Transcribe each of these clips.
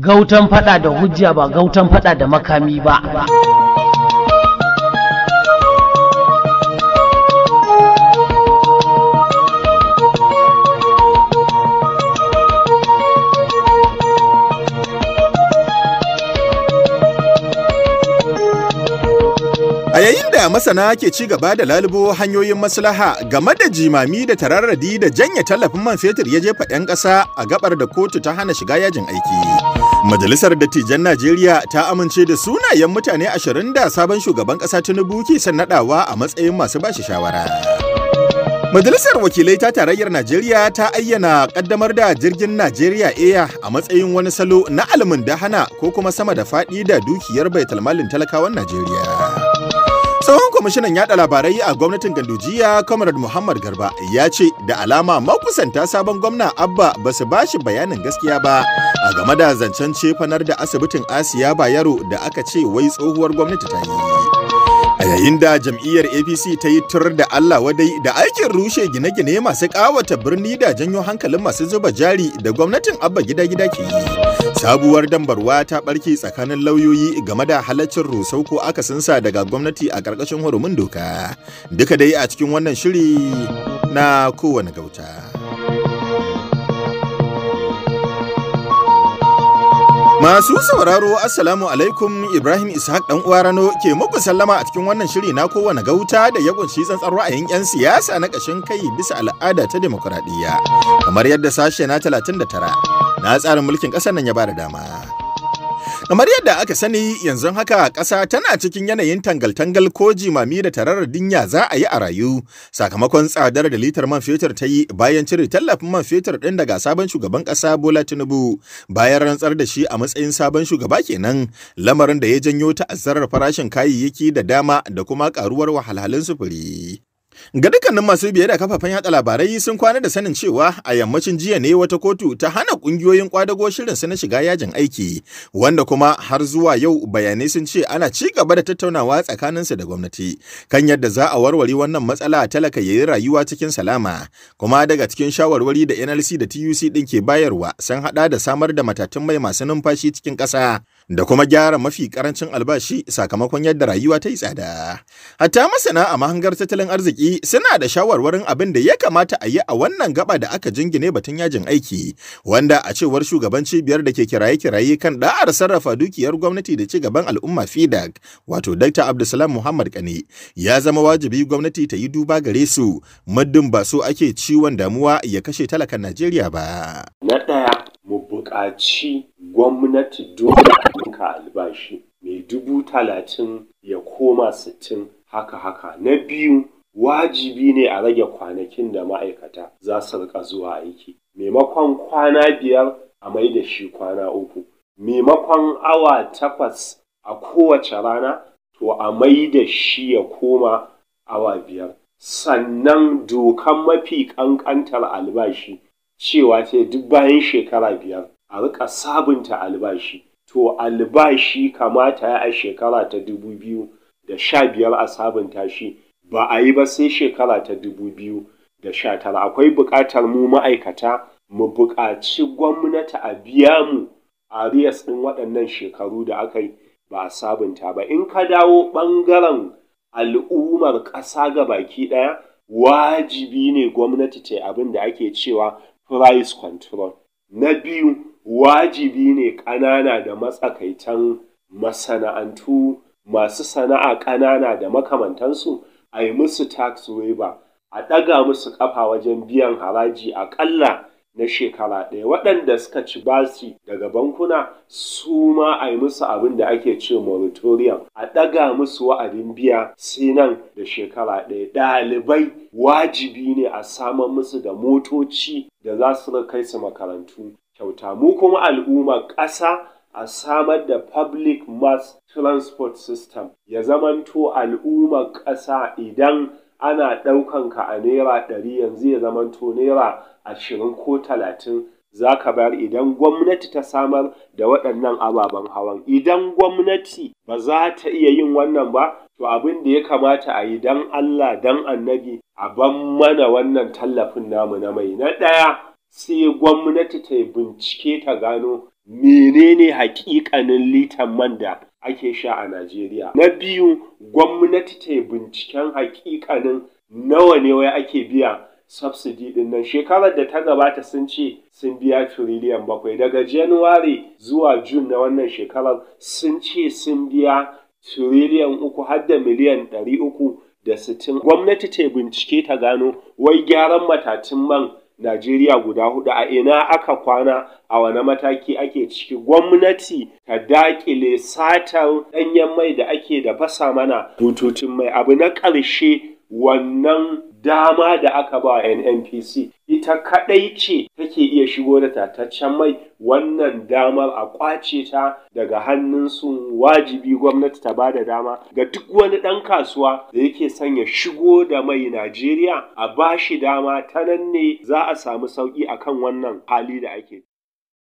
gautan fada da hujja ba gautan fada da makami ba A yayin da masana ke ci gaba da lalubo hanyoyin maslaha game da jimami da tararradi da janye tallafin man fetur ya jefa 'yan ƙasa a gabar da kotu ta hana shiga yajin aiki. Majalisar Dattijan Najeriya ta amince da sunayen mutane ashirin da sabon shugaban ƙasa Tinubu ke son naɗawa a matsayin masu bashi shawara. Majalisar Wakilai ta Tarayyar Najeriya ta ayyana ƙaddamar da jirgin Najeriya eya a matsayin wani salo na hana ko kuma sama da faɗi da dukiyar baitulmalin talakawan Najeriya. Tsohon kwamishinan yaɗa labarai a gwamnatin Gandujiya, Comrade Muhammad Garba, ya ce da alama makusanta sabon gwamna Abba ba su bashi bayanin gaskiya ba a game da zancen cefanar da asibitin asiya bayero da aka ce wai tsohuwar gwamnati ta yi a yayin da jam'iyyar apc ta yi tur da allah wadai da aikin rushe gine-gine masu kawata birni da janyo hankalin masu zuba jari da gwamnatin abba gida-gida ke yi sabuwar dambarwa ta barke tsakanin lauyoyi game da halaccin rusau ko akasinsa daga gwamnati a ƙarƙashin hurumin doka duka dai a cikin wannan shiri na kowane gauta. Masu sauraro Assalamu alaikum Ibrahim Ishaq dan uwa Rano ke muku sallama a cikin wannan shiri na kowane gauta da ya kunshi tsantsar ra'ayin 'yan siyasa na ƙashin kai bisa al'ada ta demokuraɗiyya. Kamar yadda sashe na 39 na tsarin mulkin ƙasar nan ya ba da dama. Kamar yadda aka sani yanzu haka ƙasa tana cikin yanayin tangal-tangal ko jimami da tararar dinya za a yi a rayu sakamakon tsadar da litar man fetur ta yi bayan cire tallafin man fetur ɗin daga sabon shugaban ƙasa Bola Tinubu bayan rantsar da shi a matsayin sabon shugaba kenan lamarin da ya janyo ta'azzarar farashin kayayyaki da dama da kuma ƙaruwar wahalhalun sufuri. Ga dukkanin masu biye da kafafen yada labarai sun kwana da sanin cewa a yammacin jiya ne wata kotu ta hana kungiyoyin kwadago shirin su na shiga yajin aiki, wanda kuma har zuwa yau bayanai sun ce ana ci gaba da tattaunawa tsakanin su da gwamnati kan yadda za a warware wannan matsala talaka yayi rayuwa cikin salama. Kuma daga cikin shawarwari da NLC da TUC din ke bayarwa sun hada da samar da matatun mai masu numfashi cikin ƙasa. da kuma gyara mafi karancin albashi sakamakon yadda rayuwa ta yi tsada. Hatta masana a mahangar tattalin arziki suna da shawarwarin abin da ya kamata a yi a wannan gaba da aka jingine batun yajin aiki, wanda a cewar shugaban cibiyar da ke kiraye-kiraye kan da'ar sarrafa dukiyar gwamnati da ci gaban al'umma FIDAG, wato Dr. Abdulsalam Muhammad Kane, ya zama wajibi gwamnati ta yi duba gare su, muddin ba so ake ciwon damuwa ya kashe talakan Najeriya ba. buƙaci gwamnati dole a ɗinka albashi mai dubu talatin ya koma sittin haka haka. Na biyu wajibi ne a rage kwanakin da ma'aikata za su riƙa zuwa aiki. Maimakon kwana biyar a mai da shi kwana uku. Maimakon awa takwas a kowace rana to a mai da shi ya koma awa biyar. Sannan dokan mafi ƙanƙantar albashi cewa ce duk bayan shekara biyar a rika sabunta albashi to albashi kamata ya a shekara ta dubu biyu da sha biyar a sabunta shi ba a yi ba sai shekara ta dubu biyu da sha tara akwai bukatar mu ma'aikata mu bukaci gwamnati a biya mu a riyas ɗin waɗannan shekaru da aka yi ba a sabunta ba in ka dawo ɓangaren al'ummar ƙasa ga baki ɗaya wajibi ne gwamnati ta abin da ake cewa price control na biyu wajibi ne ƙanana da matsakaitan masana'antu masu sana'a ƙanana da makamantansu a yi musu tax waiver a ɗaga musu ƙafa wajen biyan haraji aƙalla na shekara ɗaya waɗanda suka ci basi daga bankuna su ma a yi musu abin da ake ce moratorium a ɗaga musu wa'adin biya sai nan da shekara ɗaya ɗalibai wajibi ne a samar musu da motoci da za su kai su makarantu kyauta mu kuma al'umma ƙasa a samar da public mass transport system ya zamanto al'ummar ƙasa idan ana ɗaukan ka a naira ɗari yanzu ya zamanto naira ashirin ko talatin za ka bayar idan gwamnati ta samar da waɗannan ababen hawan idan gwamnati ba za ta iya yin wannan ba to abin da ya kamata a yi don allah don annabi a ban mana wannan tallafin namu na mai na ɗaya sai gwamnati ta bincike ta gano menene hakikanin litan man da ake sha a Najeriya. Na biyu gwamnati ta binciken hakikanin nawa ne wai ake biya subsidy din nan shekarar da ta gabata sun ce sun biya tiriliyan bakwai daga januwari zuwa jun na wannan shekarar sun ce sun biya tiriliyan uku har da miliyan ɗari uku da sitin gwamnati ta bincike ta gano wai gyaran matatun man Najeriya guda hudu a ina aka kwana a wani mataki ake ciki gwamnati ta dakile satar ɗanyen mai da ake da fasa mana bututun mai abu na ƙarshe wannan dama da aka ba NNPC ita kaɗai ce take iya shigo da tataccen mai wannan damar a ƙwace ta daga hannun hannunsu wajibi gwamnati ta ba da dama ga duk wani ɗan kasuwa da yake son ya shigo da mai Najeriya a ba shi dama ta nan ne za a samu sauƙi akan wannan hali da ake.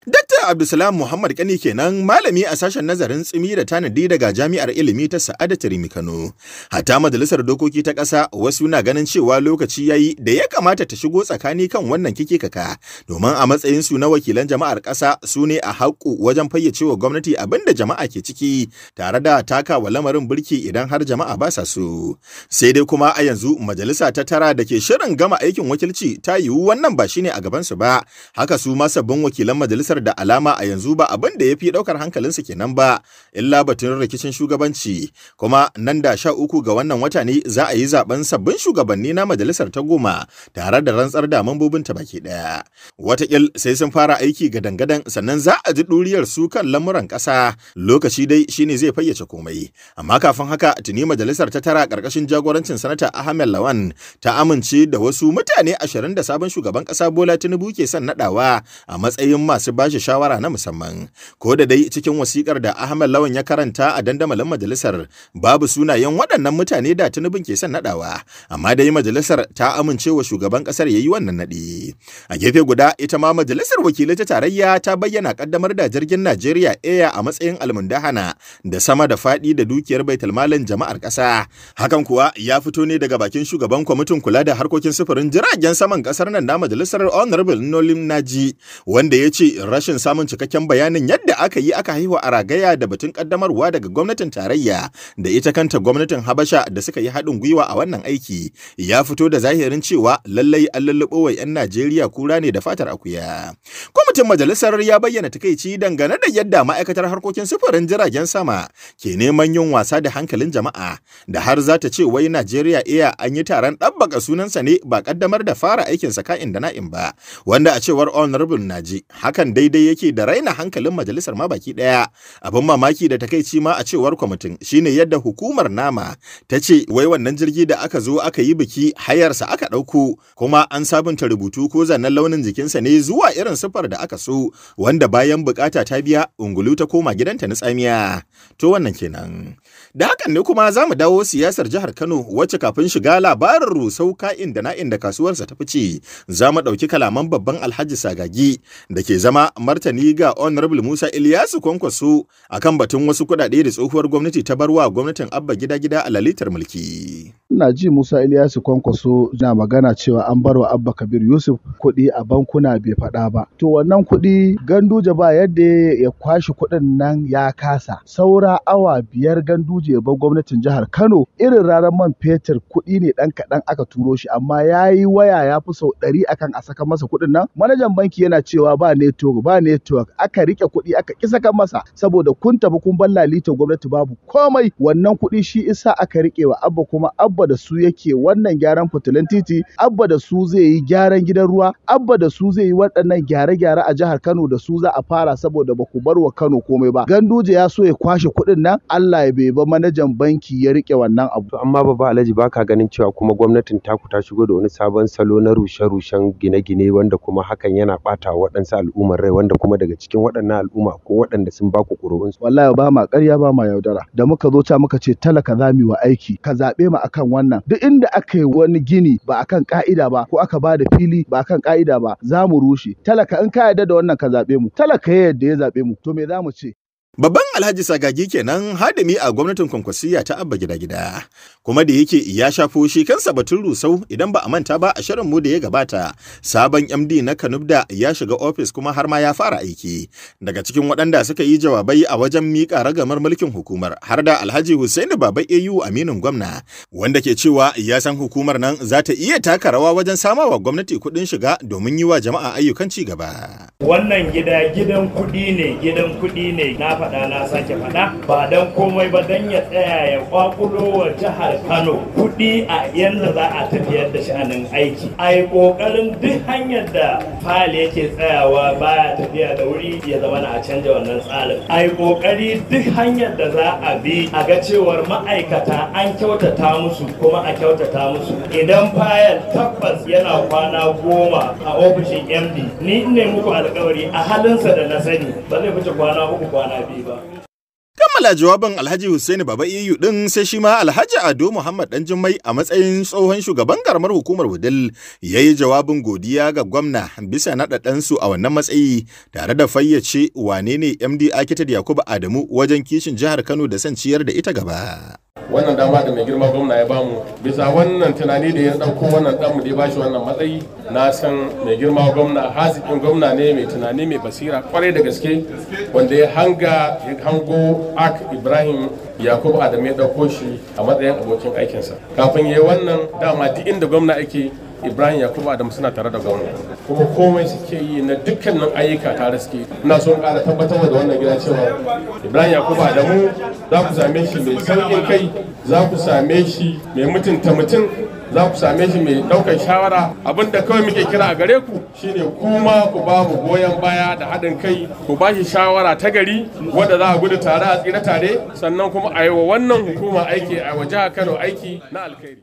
Dakta Abdulsalam Muhammad Kani kenan malami a sashen nazarin tsimi da tanadi daga Jami'ar Ilimi ta Sa'ada, Rimi Kano. hata majalisar dokoki ta ƙasa wasu na ganin cewa lokaci yayi da ya kamata ta shigo tsakani kan wannan kike kaka domin a matsayin su na wakilan jama'ar ƙasa su ne a haƙu wajen fayyace wa gwamnati abin da jama'a ke ciki tare da taka wa lamarin birki idan har jama'a ba sa so. Sai dai kuma a yanzu majalisa ta tara da ke shirin gama aikin wakilci ta yiwu wannan ba shi ne a gabansu ba. Haka su ma sabbin wakilan majalisar ƙasar da alama a yanzu ba abin da ya fi ɗaukar hankalinsa kenan ba illa batun rikicin shugabanci kuma nan da sha uku ga wannan wata ne za a yi zaben sabbin shugabanni na majalisar ta goma tare da rantsar da mambobinta baki ɗaya Wataƙil sai sun fara aiki ga dangadan sannan za a ji ɗuriyar su kan lamuran ƙasa lokaci dai shine zai fayyace komai amma kafin haka tuni majalisar ta tara ƙarƙashin jagorancin sanata ahmed lawan ta amince da wasu mutane ashirin da sabon shugaban ƙasa bola tinubu ke son naɗawa a matsayin masu ba shi shawara na musamman ko da dai cikin wasikar da Ahmad Lawan ya karanta a dandamalin majalisar babu sunayen waɗannan mutane da tunubin ke son nadawa amma dai majalisar ta amincewa shugaban ƙasar ya yi wannan naɗi. a gefe guda ita ma majalisar wakilai ta tarayya ta bayyana ƙaddamar da jirgin Najeriya Air a matsayin almundahana da sama da faɗi da dukiyar baitulmalin jama'ar ƙasa hakan kuwa ya fito ne daga bakin shugaban kwamitin kula da harkokin sufurin jiragen saman ƙasar nan na majalisar honorable Nolim Naji wanda ya ce rashin samun cikakken bayanin yadda aka yi aka haihu a ragaya da batun kaddamarwa daga gwamnatin tarayya da ita kanta gwamnatin Habasha da suka yi haɗin gwiwa a wannan aiki ya fito da zahirin cewa lallai an lulluɓo wa 'yan Najeriya kura ne da fatar akuya. Kwamitin majalisar ya bayyana takaici dangane da yadda ma'aikatar harkokin sufurin jiragen sama ke neman yin wasa da hankalin jama'a da har za ta ce wai Najeriya iya an yi taron ɗabbaka sunansa ne ba kaddamar da fara aikinsa ka'in da na'in ba wanda a cewar honorable Naji hakan dai daidai yake da raina hankalin majalisar ma baki daya. Abin mamaki da takaici ma a cewar kwamitin shine yadda hukumar nama ta ce wai wannan jirgi da aka zo aka yi biki hayarsa aka ɗauko kuma an sabunta rubutu ko zanen launin jikinsa ne zuwa irin siffar da aka so wanda bayan bukata ta biya ungulu ta koma gidanta na tsamiya. To wannan kenan. Da hakan ne kuma za mu dawo siyasar jihar Kano wacce kafin shiga labarin rusau ka'in da na'in da kasuwarsa ta fice za mu ɗauki kalaman babban alhaji sagagi da ke zama martani ga Honorable Musa Ilyasu Kwankwaso akan batun wasu kuɗaɗe da tsohuwar gwamnati ta bar wa gwamnatin Abba gida gida a lalitar mulki. Ina ji Musa Ilyasu Kwankwaso na magana cewa an bar wa Abba Kabir Yusuf kuɗi a bankuna bai faɗa ba. To wannan kuɗi ganduje ba yadda ya kwashi kuɗin nan ya kasa. Saura awa biyar ganduje bar gwamnatin jihar Kano irin raran man fetur kuɗi ne ɗan kaɗan aka turo shi amma ya yi waya ya fi sau ɗari akan a saka masa kuɗin nan. Manajan banki yana cewa ba neto Borno ba network aka rike kuɗi aka ƙi saka masa saboda kun tafi kun balla lita gwamnati babu komai wannan kuɗi shi isa aka rike wa Abba kuma Abba da su yake wannan gyaran fitilan titi Abba da su zai yi gyaran gidan ruwa Abba da su zai yi waɗannan gyare-gyare a jihar Kano da su za a fara saboda ba ku bar wa Kano komai ba Ganduje ya so ya kwashe kuɗin nan Allah ya bai ba manajan banki ya rike wannan abu amma ba Alhaji baka ganin cewa kuma gwamnatin taku ta shigo da wani sabon salo na rushe-rushen gine-gine wanda kuma hakan yana ɓata waɗansu al'ummar rai wanda kuma daga cikin waɗannan al'umma ko waɗanda sun ba ku ƙuri'unsu. Wallahi ba ma ƙarya ba ma yaudara da muka zo ca muka ce talaka za mu wa aiki ka zaɓe mu akan wannan duk inda aka yi wani gini ba akan ƙa'ida ba ko aka ba da fili ba akan ƙa'ida ba za mu rushe talaka in ka yarda da wannan ka zaɓe mu talaka ya yarda ya zaɓe mu to me za mu ce. Babban Alhaji Sagagi kenan hadimi a gwamnatin kwankwasiyya ta Abba Gida Gida, kuma da yake ya shafo shi kansa batun rusau idan ba a manta ba a shirin mu da ya gabata, sabon MD na Kanubda ya shiga ofis kuma har ma ya fara aiki. Daga cikin waɗanda suka yi jawabai a wajen miƙa ragamar mulkin hukumar har da Alhaji hussaini Baba AU Aminin gwamna, wanda ke cewa ya san hukumar nan za ta iya taka rawa wajen wa gwamnati kuɗin shiga domin yi wa jama'a ayyukan ci gaba. Wannan gida gidan kuɗi ne, gidan kuɗi ne, faɗa na sake faɗa ba dan komai ba dan ya tsaya ya kwakulo wa jihar Kano kuɗi a yanda za a tafiyar da sha'anin aiki ai kokarin duk hanyar da fali yake tsayawa baya tafiya da wuri ya zama na a canja wannan tsarin ai kokari duk hanyar da za a bi a ga cewar ma'aikata an kyautata musu kuma a kyautata musu idan fayal tabbas yana kwana goma a ofishin md ni ne muku alkawari a halinsa da na sani ba zai fice kwana uku kwana biyu kammala jawabin alhaji Hussaini baba iyu din sai shi ma alhaji ado muhammad dan jummai a matsayin tsohon shugaban karamar hukumar wudil ya yi jawabin godiya ga gwamna bisa naɗa su a wannan matsayi tare da fayyace wane ne md akitar yakubu adamu wajen kishin jihar kano da san ciyar da ita gaba wannan dama da mai girma gwamna ya bamu bisa wannan tunani da ya ɗauko wannan ɗanmu da ya bashi wannan matsayi na san mai girma gwamna hazikin gwamna ne mai tunani mai basira kwarai da gaske wanda ya hanga ya hango ak ibrahim yakubu adam ya ɗauko shi a matsayin abokin aikinsa kafin ya yi wannan dama duk inda gwamna ake ibrahim yakubu adamu suna tare da gwamna kuma komai suke yi na dukkanin ayyuka tare suke ina son ƙara tabbatar da wannan gida cewa ibrahim yakubu adamu za ku same shi mai sauƙin kai za ku same shi mai mutunta mutum za ku same shi mai ɗaukar shawara abin da kawai muke kira a gare ku shine kuma ku ba mu goyon baya da haɗin kai ku ba shi shawara ta gari wadda za a gudu tare a tsira tare sannan kuma a yi wa wannan hukuma aiki a wa jihar kano aiki na alkhairi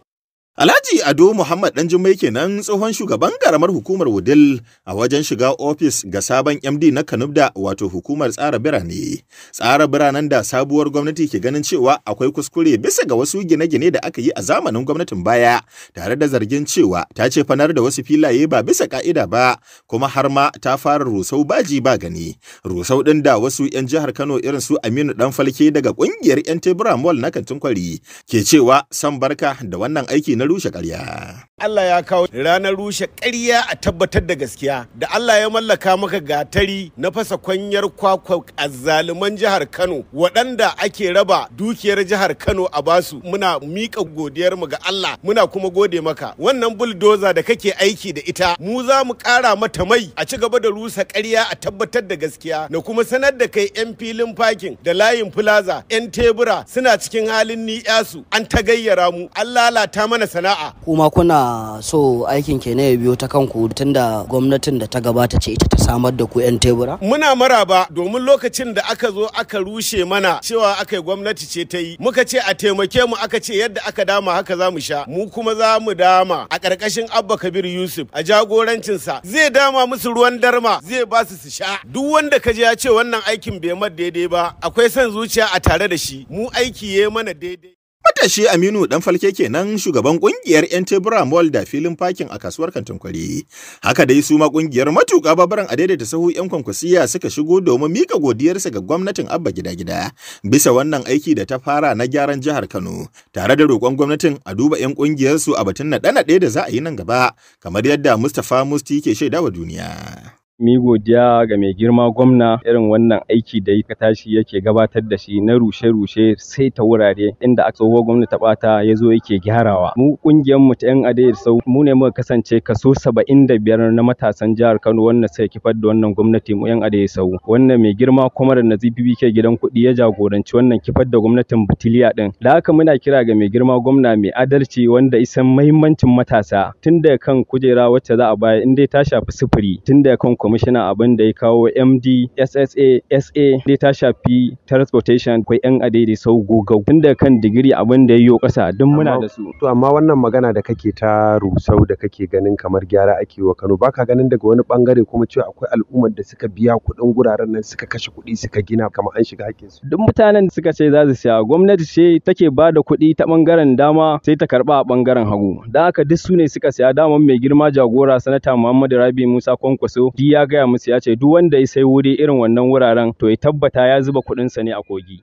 Alhaji Ado Muhammad Danjumai nan tsohon shugaban karamar hukumar Wudil a wajen shiga ofis ga sabon MD na Kanubda wato hukumar tsara birane. Tsara biranen da sabuwar gwamnati ke ganin cewa akwai kuskure bisa ga wasu gine-gine da aka yi a zamanin gwamnatin baya tare da zargin cewa ta ce fanar da wasu filaye ba bisa ka'ida ba kuma har ma ta fara rusau baji ba gani. Rusau ɗin da wasu 'yan jihar Kano irin su Aminu Danfalke daga kungiyar 'yan Tebura Mall na Kantin Kwari ke cewa son barka da wannan aiki na rushe ƙarya. Allah ya kawo ranar rushe ƙarya a tabbatar da gaskiya da Allah ya mallaka maka gatari na fasa kwanyar kwakwa a azzaluman jihar Kano waɗanda ake raba dukiyar jihar Kano a basu muna miƙa godiyar mu ga Allah muna kuma gode maka wannan buldoza da kake aiki da ita mu za mu ƙara mata mai a ci gaba da rusa ƙarya a tabbatar da gaskiya na kuma sanar da kai 'yan filin parking da layin plaza 'yan tebura suna cikin halin ni'yasu an ta gayyara mu an lalata mana sana'a kuma kuna so aikin ke ya biyo ta kanku da gwamnatin da ta gabata ce ita ta samar da ku yan tebura muna maraba domin lokacin da aka zo aka rushe mana cewa aka yi gwamnati ce ta yi muka ce a taimake mu aka ce yadda aka dama haka za mu sha mu kuma za mu dama a ƙarƙashin abba kabir yusuf a jagorancinsa zai dama musu ruwan darma zai ba su su sha duk wanda ka ji ya ce wannan aikin bai mar daidai ba akwai son zuciya a tare da shi mu aiki ya mana daidai Matashi Aminu dan falke kenan shugaban kungiyar 'yan tebura mall da filin fakin a kasuwar kantin kwari. Haka dai su ma kungiyar matuƙa babaran a daidaita sahu 'yan kwankwasiya suka shigo domin mika godiyarsa ga gwamnatin Abba Gida Gida bisa wannan aiki da ta fara na gyaran jihar Kano tare da roƙon gwamnatin a duba 'yan kungiyar su a batun na naɗe-naɗe da za a yi nan gaba kamar yadda Mustapha Musti ke shaidawa duniya. mu godiya ga mai girma gwamna irin wannan aiki da ya tashi yake gabatar da shi na rushe-rushe sai ta wurare inda aka tsohuwar gwamna ta bata ya zo yake gyarawa mu kungiyar mu ta yan adair sau mu ne muka kasance kaso saba'in biyar na matasan jihar kano wanda suka kifar da wannan gwamnati mu yan adair sau wannan mai girma kwamarar nazifi bike gidan kuɗi ya jagoranci wannan kifar da gwamnatin butiliya din da haka muna kira ga mai girma gwamna mai adalci wanda isan mahimmancin matasa tun da kan kujera wacce za a baya in dai ta shafi sufuri tun da kan kwamishina abin da ya kawo md ssa sa da ta shafi transportation akwai yan adaidai sau gogau tun kan digiri abin da ya yi kasa duk muna da su to amma wannan magana da kake ta rusau da kake ganin kamar gyara ake wa kano baka ganin daga wani bangare kuma cewa akwai al'ummar da suka biya kuɗin guraren nan suka kashe kuɗi suka gina kamar an shiga hakkin su duk mutanen da suka ce za su siya gwamnati ce take ba da kuɗi ta bangaren dama sai ta karba a bangaren hagu Da haka duk su ne suka siya daman mai girma jagora sanata muhammadu rabi musa kwankwaso diya ya gaya musu ya ce duk wanda ya sai wuri irin wannan wuraren to ya tabbata ya zuba kuɗinsa ne a kogi.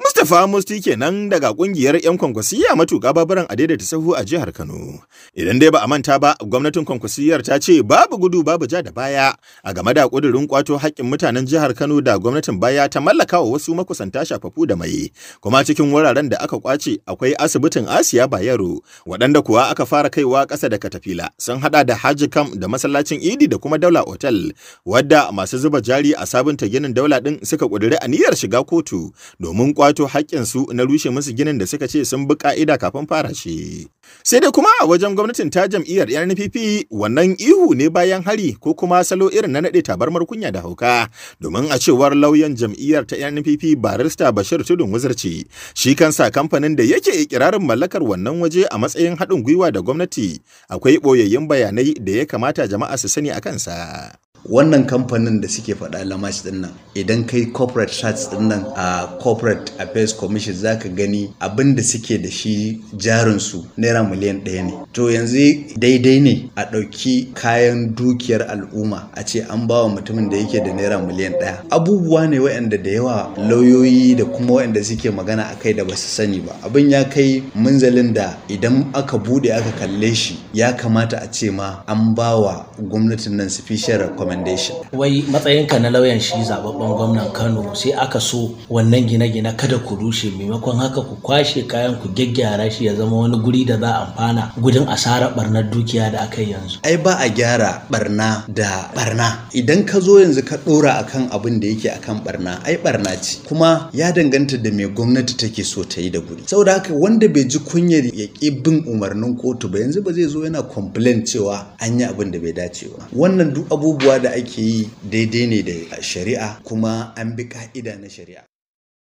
Mustapha Musti kenan daga kungiyar 'yan kwankwasiyya matuƙa babaran a daidaita sahu a jihar Kano. Idan dai ba a manta ba, gwamnatin kwankwasiyyar ta ce babu gudu babu ja da baya a game da ƙudurin kwato haƙƙin mutanen jihar Kano da gwamnatin baya ta mallaka wa wasu makusanta shafafu da mai. Kuma cikin wuraren da aka kwace akwai asibitin Asiya Bayero, waɗanda kuwa aka fara kaiwa ƙasa da katafila sun haɗa da Haji Kam da masallacin Idi da kuma Daula Hotel, wadda masu zuba jari a sabunta ginin Daula ɗin suka ƙudiri aniyar shiga kotu domin kwato su na rushe musu ginin da suka ce sun bi ƙa'ida kafin fara shi. Sai dai kuma a wajen gwamnatin ta jam'iyyar NPP wannan ihu ne bayan hari ko kuma salo irin na naɗe tabarmar kunya da hauka domin a cewar lauyan jam'iyyar ta NPP barista Bashir Tudun Wuzarci shi kansa kamfanin da yake ikirarin mallakar wannan waje a matsayin haɗin gwiwa da gwamnati akwai ɓoyayyun bayanai da ya kamata jama'a su sani a kansa. wannan kamfanin da suke faɗa lamas din nan idan kai corporate stats din nan a corporate affairs commission zaka gani abin da suke da shi jarin su naira miliyan ɗaya ne to yanzu daidai ne a ɗauki kayan dukiyar al'umma a ce an ba wa mutumin da yake da naira miliyan ɗaya abubuwa ne waɗanda da yawa lauyoyi da kuma waɗanda suke magana a kai da ba su sani ba abin ya kai munzalin da idan aka bude aka kalle shi ya kamata a ce ma an ba wa gwamnatin nan sufficient recommendation recommendation. wai matsayinka na lauyan shi zababben gwamnan kano sai aka so wannan gine-gine kada ku rushe maimakon haka ku kwashe kayan ku gyaggyara shi ya zama wani guri da za a amfana gudun asarar barnar dukiya da aka yanzu ai ba a gyara barna da barna idan ka zo yanzu ka dora akan abin da yake akan barna ai barna ce kuma ya danganta da mai gwamnati take so ta yi da guri saboda haka wanda bai ji kunyar ya ki bin umarnin kotu ba yanzu ba zai zo yana complain cewa an yi abin da bai dace ba wannan duk abubuwa da ake yi daidai ne da shari'a kuma an bi ka'ida na shari'a.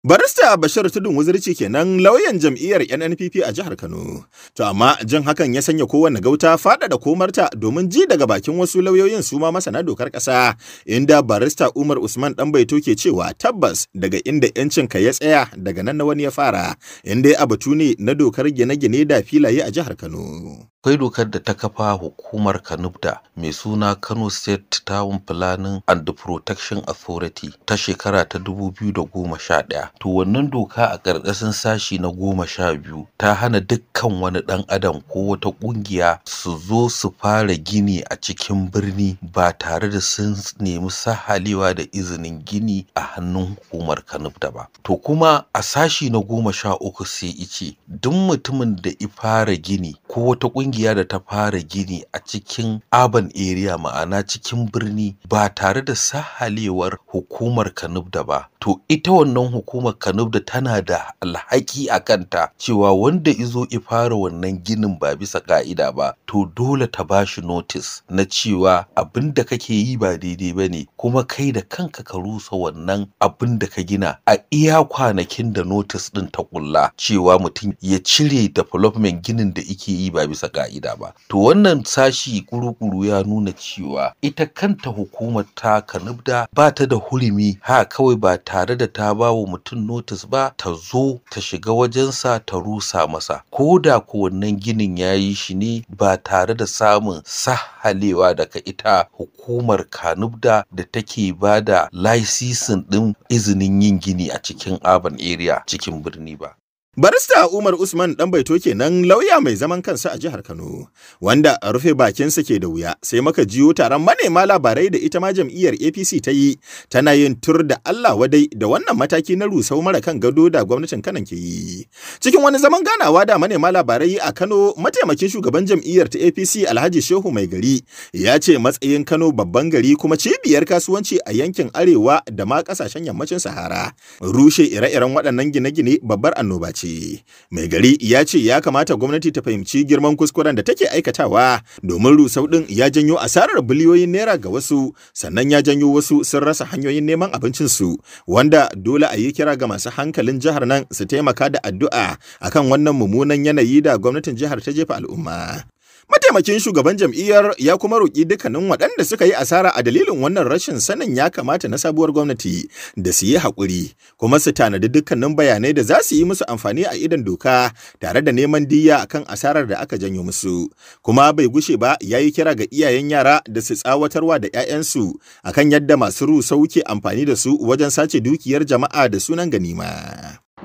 Barista Bashir Tudun Wuzirci kenan lauyan jam'iyyar NNPP a jihar Kano. To amma jin hakan ya sanya kowanne gauta faɗaɗa komarta domin ji daga bakin wasu lauyoyin su ma masana dokar ƙasa, inda barista Umar Usman baito ke cewa tabbas daga inda 'yancin ka ya tsaya daga nan na wani ya fara, inda ya abatu ne na dokar gine-gine da filaye a jihar Kano. Akwai dokar da ta kafa hukumar Kanubda mai suna Kano State Town Planning and Protection Authority ta shekara ta 2011. To wannan doka a ƙarƙashin sashi na goma sha biyu ta hana dukkan wani ɗan adam ko wata ƙungiya su zo su fara gini a cikin birni ba tare da sun nemi sahalewa da izinin gini a hannun hukumar Kanubda ba. To kuma a sashi na goma sha uku sai ice duk mutumin da i fara gini ko wata ƙungiya ƙungiya da ta fara gini a cikin urban area ma'ana cikin birni ba tare da sahalewar hukumar kanubda ba to ita wannan hukumar kanubda tana da alhaki a kanta cewa wanda izo i fara wannan ginin ba bisa ka'ida ba to dole ta ba shi notis. na cewa abin da kake yi ba daidai ba ne kuma kai da kanka ka rusa wannan abin da ka gina a iya kwanakin da notis din ta kulla cewa mutum ya cire development ginin da ike yi ba bisa ka'ida ba to wannan sashi kuru-kuru ya nuna cewa ita kanta hukumar ta kanubda ba ta da hurumi ha kawai ba ta tare da ta ba wa mutum notis ba ta zo ta shiga wajensa ta rusa masa ko da ko wannan ginin ya yi shi ne ba tare da samun sahalewa daga ita hukumar kanubda da take ba da laisisin din izinin yin gini a cikin urban area cikin birni ba Barista Umar Usman ɗan baito kenan lauya mai zaman kansa a jihar Kano, wanda rufe bakinsa ke da wuya sai maka jiyo taron manema labarai da ita ma jam'iyyar APC ta yi, tana yin tur da Allah wadai da wannan mataki na rusau mara kan gado da gwamnatin Kano ke yi. Cikin wani zaman ganawa da manema labarai a Kano, mataimakin shugaban jam'iyyar ta APC Alhaji Shehu Mai Gari ya ce matsayin Kano babban gari kuma cibiyar kasuwanci a yankin Arewa da ma ƙasashen yammacin Sahara. Rushe ire-iren waɗannan gine-gine babbar annoba ce. ce. Mai gari ya ce ya kamata gwamnati ta fahimci girman kuskuren da take aikatawa domin rusau ɗin ya janyo asarar biliyoyin naira ga wasu sannan ya janyo wasu sun rasa hanyoyin neman abincinsu wanda dole a yi kira ga masu hankalin jihar nan su taimaka da addu'a akan wannan mummunan yanayi da gwamnatin jihar ta jefa al'umma. Mataimakin shugaban jam'iyyar ya kuma roƙi dukkanin waɗanda suka yi asara a dalilin wannan rashin sanin ya kamata na sabuwar gwamnati da su yi haƙuri kuma su tanadi dukkanin bayanai da za su yi musu amfani a idan doka tare da neman diyya akan asarar da aka janyo musu. Kuma bai gushe ba ya yi kira ga iyayen yara da su tsawatarwa da 'ya'yansu akan yadda masu rusa wuke amfani da su wajen sace dukiyar jama'a da sunan ganima.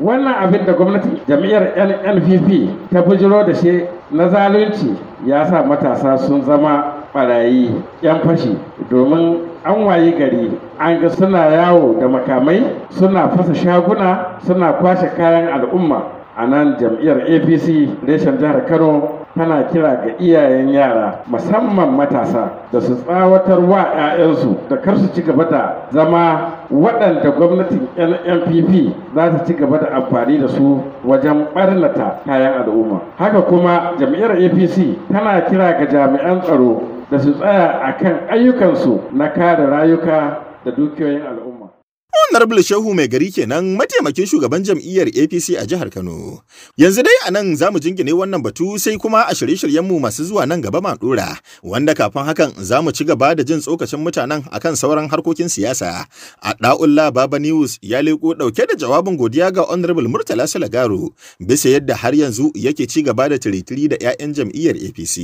Wannan abin da gwamnati jam'iyyar NNPP ta bujiro da shi na zalunci ya sa matasa sun zama barayi 'yan fashi domin an wayi gari an ga suna yawo da makamai suna fasa shaguna suna kwashe kayan al'umma a nan jam'iyyar apc reshen jihar kano tana kira ga iyayen yara musamman matasa da su tsawatar wa 'ya'yansu da kar su ci gaba da zama waɗanda gwamnatin NPP za ta ci gaba da amfani da su wajen ɓarnata kayan al'umma. Haka kuma jam'iyyar APC tana kira ga jami'an tsaro da su tsaya a kan ayyukansu na kare rayuka da dukiyoyin al'umma. Honorable Shehu mai gari kenan mataimakin shugaban jam'iyyar APC a jihar Kano. Yanzu dai a nan za mu jingine wannan batu sai kuma a shirye-shiryenmu masu zuwa nan gaba ma dora, wanda kafin hakan za mu ci gaba da jin tsokacin mutanen akan sauran harkokin siyasa. A Da'ulla Baba News ya leko dauke da jawabin godiya ga Honorable Murtala Salagaro bisa yadda har yanzu yake ci gaba da tiritiri da 'ya'yan jam'iyyar APC.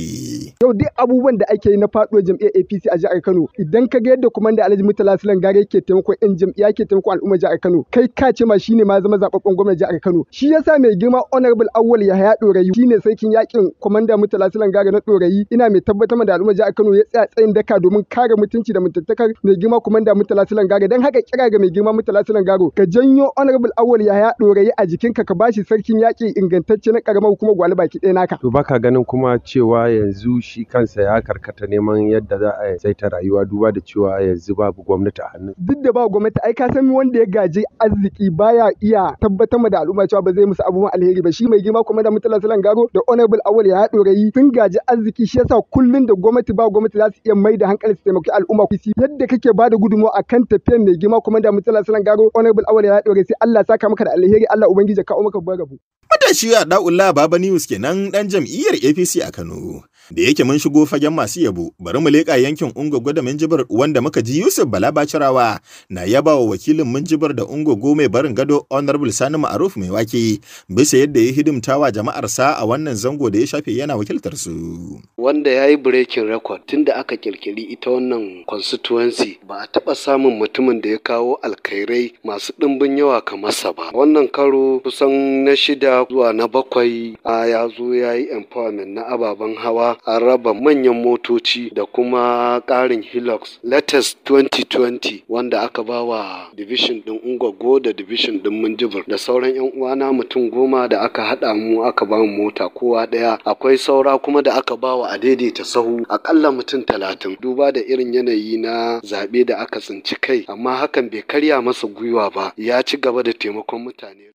Yau dai abubuwan da ake yi na faɗuwar jam'iyyar APC a jihar Kano idan ka ga yadda kuma da Alhaji Murtala Salagaro yake taimakon 'yan jam'iyyar ake taimakon Al'umma jihar Kano kai ka ce ma shine ma zama zababben gwamnati jihar Kano shi yasa mai girma honorable Awwal Yahaya Dorayi shine sarkin yakin komanda Murtala Silangare na Dorayi ina mai tabbatar da Al'umma jihar Kano ya tsaya tsayin daka domin kare mutunci da mutuntakar mai girma komanda Murtala Silangare dan haka kira ga mai girma Murtala Silangaro ka janyo honorable Awwal Yahaya Dorayi a jikin ka ka bashi sarkin yaki ingantacce na karamar hukumar Gwale baki dai naka to baka ganin kuma cewa yanzu shi kansa ya karkata neman yadda za a saita rayuwa duba da cewa yanzu babu gwamnati a hannu duk da ba gwamnati ai ka san wanda ya gaji arziki baya iya tabbatar da al'umma cewa ba zai musu abubuwan alheri ba shi mai girma kuma da mutala salan garo da honorable awal ya yi sun gaji arziki shi yasa kullun da gwamnati ba gwamnati za su iya mai da hankali su taimaki al'umma ku yadda kake ba da gudunmawa akan tafiyar mai girma kuma da mutala salan garo honorable awal ya dore sai Allah saka maka da alheri Allah ubangiji ka kawo maka barabu matashi ya da'ullah baba news kenan dan jam'iyyar APC a Kano Da yake mun shigo fagen masu yabo, bari mu leƙa yankin Ungogo da Minjibir wanda muka ji Yusuf Bala Bacirawa na yaba wa wakilin Minjibir da Ungogo mai barin gado Honorable Sani Ma'aruf mai wake bisa yadda ya hidimtawa jama'arsa a wannan zango da ya shafe yana wakiltar su. Wanda ya yi breaking record da aka kirkiri ita wannan constituency ba a taɓa samun mutumin da ya kawo alkhairai masu ɗimbin yawa kamar sa ba. Wannan karo kusan na shida zuwa na bakwai a ya zo ya yi empowerment na ababen hawa an raba manyan motoci da kuma ƙarin hilux latest 2020 wanda aka ba wa division ɗin ungwago da division ɗin minjibir da sauran 'yan uwana mutum goma da aka haɗa mu aka ba mu mota kowa ɗaya akwai saura kuma da aka ba wa a daidaita sahu aƙalla mutum talatin duba da irin yanayi na zaɓe da aka tsinci kai amma hakan bai karya masa gwiwa ba ya ci gaba da taimakon mutane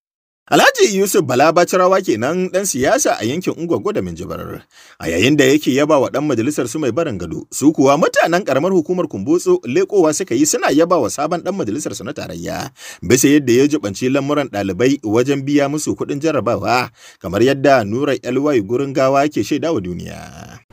Alhaji Yusuf Bala Bacirawa kenan ɗan siyasa a yankin Ungwaggo da Minjibir. A yayin da yake yaba wa ɗan majalisar su mai barin gado, su kuwa mutanen ƙaramar hukumar Kumbutsu lekowa suka yi suna yaba wa sabon ɗan majalisar su na tarayya. Bisa yadda ya jibanci lamuran ɗalibai wajen biya musu kuɗin jarrabawa, kamar yadda Nura Elwai gurin gawa ke shaida wa duniya.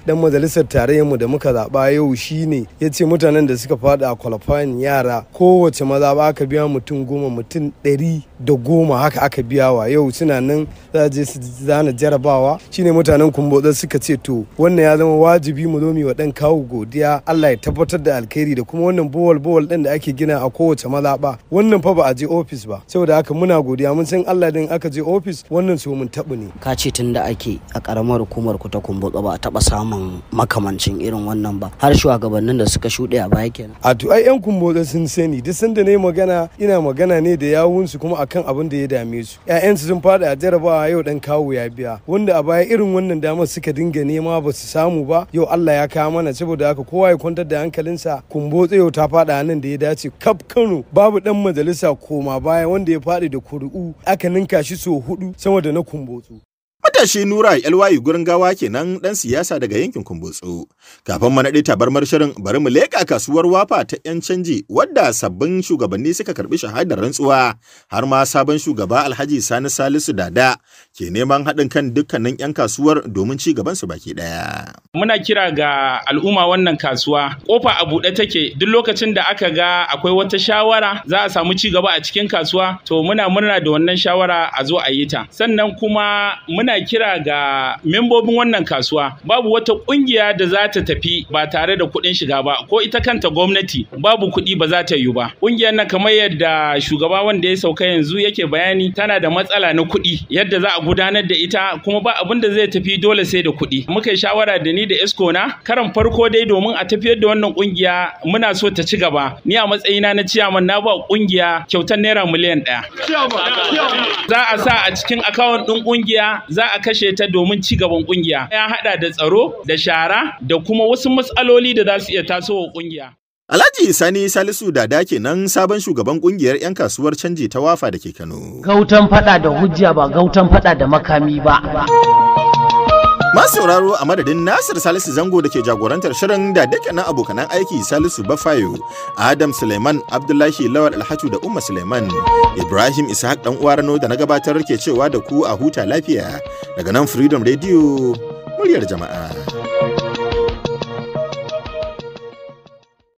Dan majalisar mu da muka zaɓa yau shi ne ya ce mutanen da suka faɗi a kwalfayin yara kowace maza ba aka biya mutum goma mutum ɗari da goma haka aka biya adawa yau suna nan za je su zana jarabawa shine mutanen kumbotsa suka ce to wannan ya zama wajibi mu zo mu wa dan kawo godiya Allah ya tabbatar da alkhairi da kuma wannan bowl bowl din da ake gina a kowace mazaba wannan fa ba a je ofis ba saboda haka muna godiya mun san Allah din aka je ofis wannan so mun tabu ne ka ce tun da ake a karamar hukumar ku ta kumbo ba a taba samun makamancin irin wannan ba har shugabannin da suka shuɗe a baya kenan a to ai yan kumbotsa sun sani duk sanda na yi magana ina magana ne da yawunsu kuma akan abin da ya dame su 'ya'yansu sun fada a jarabawa yau dan kawo ya biya wanda a baya irin wannan damar suka dinga nema ba su samu ba yau Allah ya kawo mana saboda haka kowa ya kwantar da hankalinsa kumbotse yau ta fada nan da ya dace kaf Kano babu dan majalisa koma baya wanda ya fadi da kuri'u aka ninka shi so hudu sama da na kumbotsu Matashi Nura yalwayi gurin gawa kenan ɗan siyasa daga yankin Kumbutsu. Kafin mu naɗe tabarmar shirin bari mu leƙa kasuwar wafa ta 'yan canji wadda sabbin shugabanni suka karɓi shahadar rantsuwa har ma sabon shugaba Alhaji Sani Salisu Dada ke neman haɗin kan dukkanin 'yan kasuwar domin ci gaban su baki ɗaya. Muna kira ga al'umma wannan kasuwa kofa a buɗe take duk lokacin da aka ga akwai wata shawara za a samu ci gaba a cikin kasuwa to muna murna da wannan shawara a zo a yi ta. Sannan kuma muna kira ga membobin wannan kasuwa babu wata kungiya da za ta tafi ba tare da kuɗin shiga ba ko ita kanta gwamnati babu kuɗi ba za ta yi ba kungiyar nan kamar yadda shugaba wanda ya sauka yanzu yake bayani tana da matsala na kuɗi yadda za a gudanar da ita kuma ba abin da zai tafi dole sai da kuɗi muka yi shawara da ni da esko na karan farko dai domin a tafiyar da wannan kungiya muna so ta ci gaba ni a matsayina na ciyaman na ba kungiya kyautar naira miliyan ɗaya za a sa a cikin akawun ɗin kungiya za a kashe ta domin ci gaban kungiya ya hada da tsaro da shara da kuma wasu matsaloli da za su iya tasowa kungiya Alhaji Sani Salisu Dada kenan sabon shugaban kungiyar 'yan kasuwar canji ta wafa da ke Kano. Gautan fada da hujja ba gautan fada da makami ba. Masu sauraro a madadin Nasir Salisu Zango da ke jagorantar shirin da dukkanin abokanan aiki Salisu Bafayo, Adam Suleiman, Abdullahi Lawal Alhatu da Umma Suleiman, Ibrahim Ishaq dan uwa da na gabatar ke cewa da ku a huta lafiya daga nan Freedom Radio muryar jama'a.